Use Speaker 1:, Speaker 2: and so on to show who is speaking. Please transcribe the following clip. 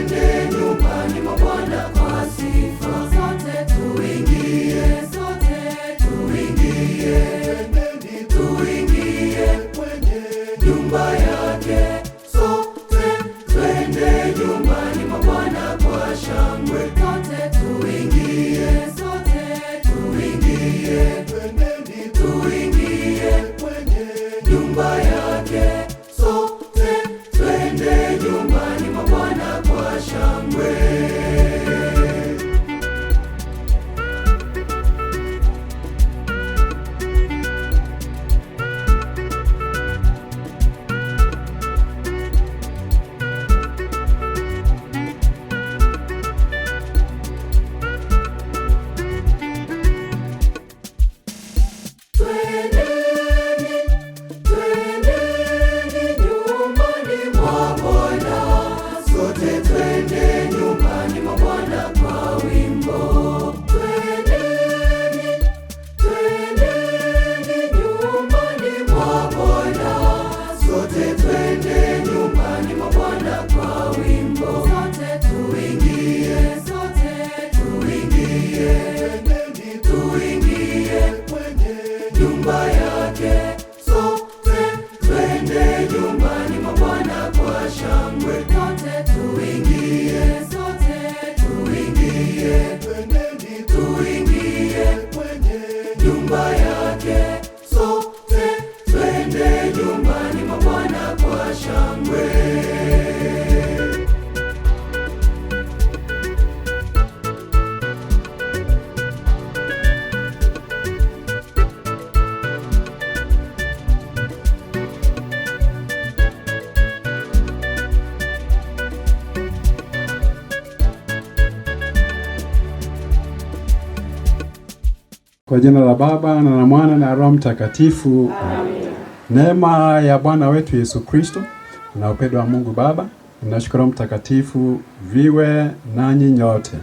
Speaker 1: Amen. wengi
Speaker 2: Kwa jina la Baba na la Mwana na Roho Mtakatifu, amen. Neema ya Bwana wetu Yesu Kristo na upendo wa Mungu Baba na Mtakatifu viwe nanyi nyote.